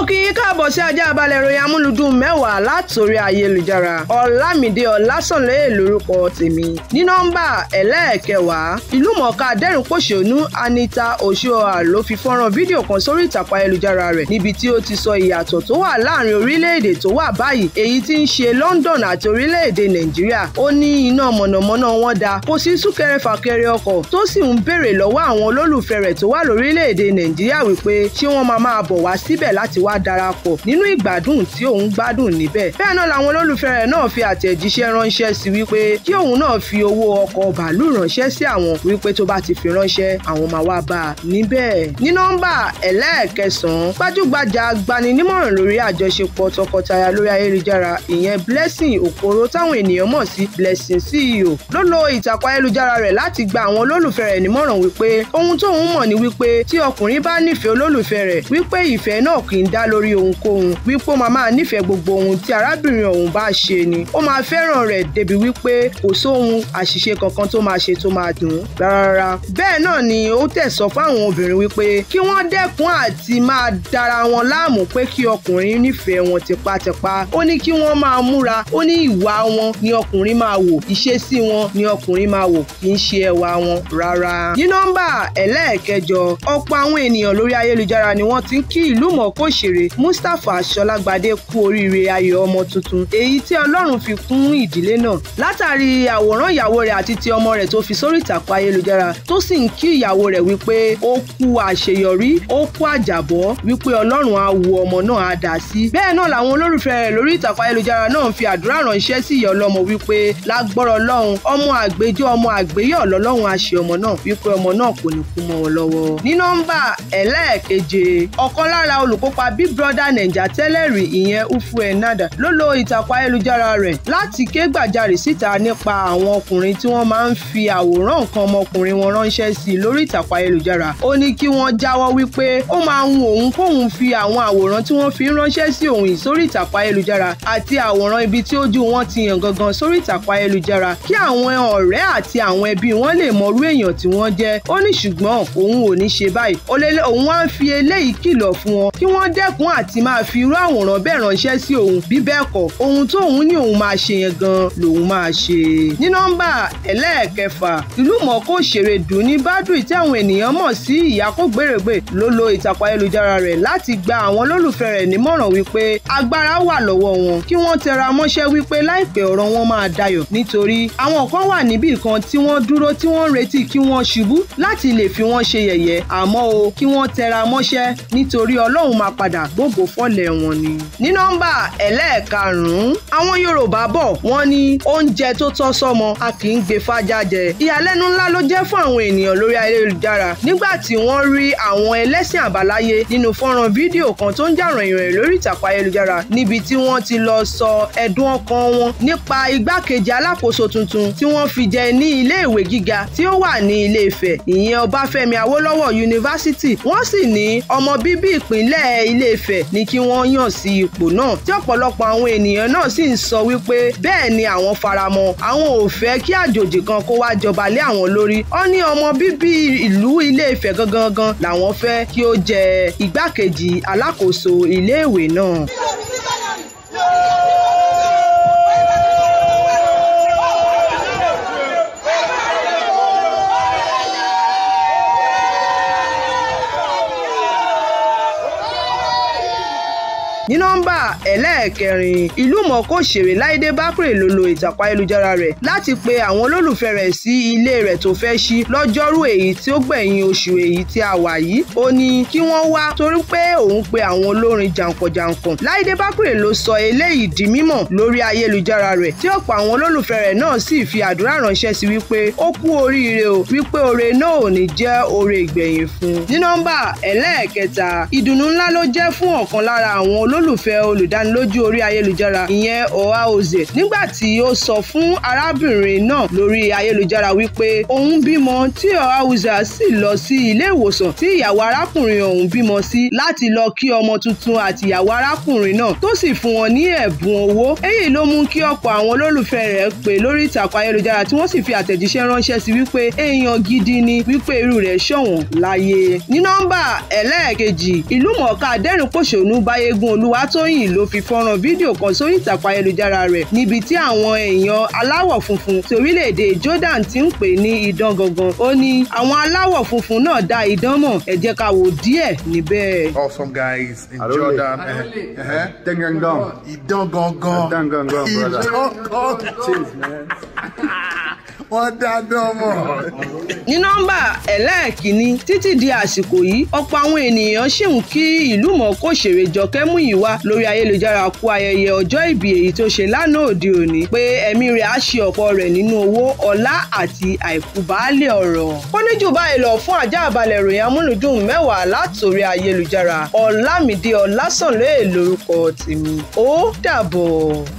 mo kí yín káàbọ̀ sí ajá balẹ̀ ìròyìn amúlùdùn mẹ́wàá látòrí ayélujára ọ̀làmídé ọ̀làsànlẹ̀ lórúkọ tèmi ní nọ́mbà ẹlẹ́ẹ̀kẹwàá ìlúmọ̀ọ́ká dẹ́rìn-pọ̀ṣónú Anita Oṣoa ló fi fọ́nrán fídíò kan sórí ìtàkùn ayélujára rẹ̀ níbi tí ó ti sọ ìyàtọ̀ tó wà láàrin orílẹ̀-èdè tó wà báyìí èyí tí ń ṣe London àti orílẹ̀-èdè Nàìjíríà ó ní iná mọ̀nàmọ́ná wọn da kò sí súnkẹrẹ fàkẹrẹ ọkọ̀ tó sì ń béèrè lọ́wọ́ àwọn olólùfẹ́ rẹ̀ tó wà lórílẹ̀-èdè Nàìjíríà wípé ṣé wọ́n máa máa bọ̀ wá síbẹ̀ láti w wá darapọ̀ nínú ìgbádùn tí òun gbádùn níbẹ̀ bẹ́ẹ̀ náà làwọn olólùfẹ́ rẹ̀ náà fi àtẹ̀jíṣẹ́ ránṣẹ́ sí wípé kí òun náà fi owó ọkọ̀ bàálù ránṣẹ́ sí àwọn wípé tó bá ti fi ránṣẹ́ àwọn máa wá bá a níbẹ̀ ní nọ́mbà ẹlẹ́ẹ̀kẹsàn-án gbajúgbajà agbaninímọ̀ràn lórí àjọṣepọ̀ tọkọtaya lórí ayélujára ìyẹn Blessing Okoro táwọn ènìyàn mọ̀ sí Blessing CEO ló lo ìtàkùn ayélujára rẹ̀ láti gba àwọn olólùfẹ́ rẹ̀ nímọ̀ràn wípé ohun tóun mọ̀ ni wípé tí ọkùnrin bá nífẹ̀ẹ́ olólùfẹ́ rẹ̀ wípé ìfẹ́ náà kì í dá dá lórí ohunkóhun wípé ó máa máa nífẹ̀ẹ́ gbogbo ohun tí arábìnrin ọ̀hún bá ṣe ni ó máa fẹ́ràn rẹ̀ débi wípé kò sóhun àṣìṣe kankan tó máa ṣe tó máa dùn ún rárá bẹ́ẹ̀ náà ni ó tẹ̀ sọ fáwọn obìnrin wípé kí wọ́n dẹ́kun àti máa dára wọn láàmú pé kí ọkùnrin nífẹ̀ẹ́ wọn tipátipá ó ní kí wọ́n máa múra ó ní ìwà wọn ni ọkùnrin máa wò ìṣesí wọn ni ọkùnrin máa wò kì í ṣe ẹwà wọn rárá. ní nọ́mbà ẹlẹ́ẹ̀kẹjọ ọ̀pọ̀ àwọn ènìyàn lórí ayélujára ni wọ́n ti ń kí ìlú mọ̀ọ́kọ́ṣe alágbére Mustapha Ṣọlágbadé kú oríire ayọ̀ ọmọ tuntun èyí tí Ọlọ́run fi kún ìdílé náà látàrí àwòrán ìyàwó rẹ̀ àti ti ọmọ rẹ̀ tó fi sórí ìtàkùn ayélujára tó sì ń kí ìyàwó rẹ̀ wípé ó kú àṣeyọrí ó kú àjàbọ́ wípé Ọlọ́run á wo ọmọ náà á dá sí bẹ́ẹ̀ náà làwọn olólùfẹ́ rẹ̀ lórí ìtàkùn ayélujára náà fi àdúrà ránṣẹ́ sí ìyá ọlọ́mọ wípé lágbọ́rọ̀ Ọlọ́run ọmọ àgbéjọ́ ọmọ àgbéyọ̀ lọ́lọ́run àṣẹ ọmọ náà wípé ọmọ náà kò ní kú mọ́ wọn lọ́wọ́ ní nọ́mbà Big Brother Naija tẹ́lẹ̀ rí ìyẹn Ufuenada ló lo ìtàkùn ayélujára rẹ̀ láti ké gbàjarè síta nípa àwọn ọkùnrin tí wọ́n máa ń fi àwòrán nǹkan ọmọkùnrin wọn ránṣẹ́ sí lórí ìtàkùn ayélujára ó ní kí wọ́n jáwọ́ wípé ó máa ń òun kóun fi àwọn àwòrán tí wọ́n fi ń ránṣẹ́ sí òun sórí ìtàkùn ayélujára àti àwòrán ibi tí ojú wọn ti yàn gangan sórí ìtàkùn ayélujára kí dẹ́kun àti máa fi irú àwòrán bẹ́ẹ̀ ránṣẹ́ sí òun bí bẹ́ẹ̀ kọ́ ohun tóun ní òun máa ṣe yẹn gan lòun máa ṣe. ní nọ́mbà ẹlẹ́ẹ̀kẹfà ìlú mọ̀ọ́kọ́ òṣèré Dùnní Bádùn tí àwọn ènìyàn mọ̀ sí ìyá kò gbèrègbè ló lo ìtàkùn ayélujára rẹ̀ láti gba àwọn olólùfẹ́ rẹ̀ nímọ̀ràn wípé agbára wà lọ́wọ́ wọn kí wọ́n tẹra mọ́ṣẹ́ wípé láìpẹ́ ọ̀rọ̀ wọn máa dayọ̀ nítorí àwọn kan wà níbì kan tí wọ́n dúró tí wọ́n retí kí wọ́n ṣubú láti lè fi wọ́n ṣe yẹ̀yẹ́ àmọ́ o kí wọ́n tẹra mọ́ṣẹ́ nítorí Ọlọ́run máa padà gbogbo fọ́lẹ̀ wọn ni. ní nọ́mbà ẹlẹ́ẹ̀karùn-ún àwọn Yorùbá bọ̀ wọ́n ní oúnjẹ tó tọ́ sọ́mọ a kì í gbé fájá jẹ. ìyàlẹ́nu ńlá ló jẹ́ fún àwọn ènìyàn lórí ayélujára nígbà tí wọ́n rí àwọn ẹlẹ́sìn àbáláyé nínú fọ́nrán fídíò kan tó ń jà ràyìnràyìn lórí ìtàkùn ayélujára níbi tí wọ́n ti lọ sọ ẹ̀dùn ọkàn wọn nípa igbákejì alákòóso tuntun tí wọ́n fi jẹ ní ilé ìwé gíga tí ó wà ní ilé Ifẹ̀ ìyẹn Ọbáfẹ́mi Awólọ́wọ̀ yunifásitì wọ́n sì ní ọmọ bíbí ìpínlẹ̀ Ilé-Ifẹ̀ ni kí wọ́n yàn sí ipò náà tí ọ̀pọ̀lọpọ̀ àwọn ènìyàn náà sì ń sọ wípé bẹ́ẹ̀ ni àwọn faramọ́ àwọn ò fẹ́ kí àjòjì kan kó wá jọba lé àwọn lórí ó ní ọmọ bíbí ìlú ilé gangan làwọn fẹ́ kí ó jẹ igbákejì alákòóso iléèwé náà. ní nọ́mbà ẹlẹ́ẹ̀kẹrin ìlúmọ̀ọ́ká òṣèré Láídé Bákìrè ló lo ìtàkùn ayélujára rẹ̀ láti pe àwọn olólùfẹ́ rẹ̀ sí ilé rẹ̀ tó fẹ́ ṣí lọ́jọ́rú èyí tí ó gbẹ̀yìn oṣù èyí tí a wà yìí ó ní kí wọ́n wá torí pé òun pe àwọn olórin jàǹkànjàǹkàn Láídé Bákìrè ló sọ eléyìí di mímọ̀ lórí ayélujára rẹ̀ tí ọ̀pọ̀ àwọn olólùfẹ́ rẹ̀ náà sì fi àdúrà ránṣẹ́ sí wípé ó kú oríire o wípé oore náà ò ní jẹ́ oore ìgbẹ̀yìn fún ní nọ́mbà ẹlẹ́ẹ̀kẹta ìdùnnú ńlá ló olólùfẹ́ olùdánilójú orí ayélujára ìyẹn Ohaoze nígbà tí ó sọ fún arábìnrin náà lórí ayélujára wípé òun bímọ tí Ohaoze sì lọ sí ilé ìwòsàn tí ìyàwó arákùnrin ọ̀hún bímọ sí láti lọ kí ọmọ tuntun àti ìyàwó arákùnrin náà tó sì fún wọn ní ẹ̀bùn owó èyí ló mú kí ọ̀pọ̀ àwọn olólùfẹ́ rẹ̀ pè lórí ìtàkùn ayélujára tí wọ́n sì fi àtẹ̀jíṣẹ́ ránṣẹ́ sí wípé èèyàn gidi ni wípé irú rẹ̀ ṣọ̀wọ́n láyé ní nọ́mbà ẹlẹ́ẹ̀kejì ìlúmọ̀ọ́ká olúwatóyìn ló fi fọ́nrán fídíò kan sórí ìtàkùn ayélujára rẹ̀ níbi tí àwọn èèyàn aláwọ̀ funfun ti orílẹ̀-èdè Jordan ti ń pè ní idán gangan ó ní àwọn aláwọ̀ funfun náà dá idán mọ̀ ẹ jẹ́ ká wò díẹ̀ níbẹ̀. awesome guys in Arole. Jordan idán eh, eh, eh. gangan idán gangan idán gangan brother. wọ́n dáná ọmọ. ní nọ́mbà ẹlẹ́ẹ̀kínní títí di àsìkò yìí ọ̀pọ̀ àwọn ènìyàn ṣì ń kí ìlú mọ̀ọ́kọ́ òṣèré Jọkẹ́ Múyìwá lórí ayélujára kú ayẹyẹ ọjọ́ ìbí èyí tó ṣe lánàá òde òní pé ẹ̀mí rẹ̀ á ṣe ọ̀pọ̀ rẹ̀ nínú owó ọlá àti àìkúbálẹ̀ ọ̀rọ̀. ó ní jù báyìí lọ fún ajá àbálẹ̀ ìròyìn amúlùdùn mẹ́wàá látòrí ayélujára Ọlámídé Ọlásànlẹ̀ lórúkọ tèmi ó dàbọ̀.